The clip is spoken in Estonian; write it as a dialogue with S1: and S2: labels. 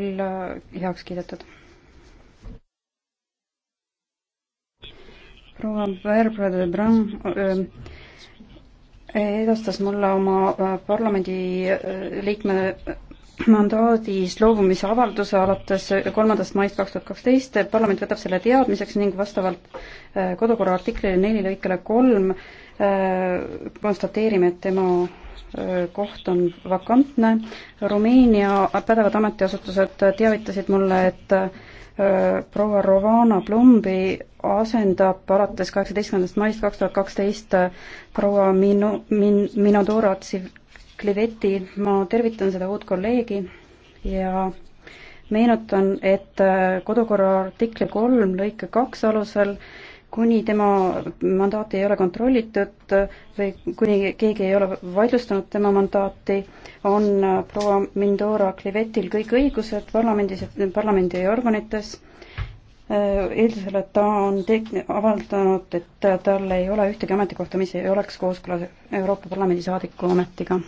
S1: heaks kiidetud.
S2: proua Barbara de Brun edastas mulle oma parlamendi liikme mandaadist loobumise avalduse alates kolmandast maist kaks tuhat kaksteist. parlament võtab selle teadmiseks ning vastavalt kodukorra artiklile neli lõikele kolm Äh, konstateerime, et tema äh, koht on vakantne. Rumeenia pädevad ametiasutused teavitasid mulle, et äh, proua Rovana Plumbi asendab alates kaheksateistkümnendast maist kaks tuhat kaksteist proua Minu-, Min-, Minodora Tsivkliveti. ma tervitan seda uut kolleegi ja meenutan, et kodukorra artikli kolm lõike kaks alusel äh, kuni tema mandaati ei ole kontrollitud või kuni keegi ei ole vaidlustanud tema mandaati, on proua Mindora Klivetil kõik õigused parlamendis, parlamendi organites, eeldusel, et ta on teg-, avaldanud, et tal ei ole ühtegi ametikohta, mis ei oleks kooskõlas Euroopa Parlamendi
S3: saadiku ametiga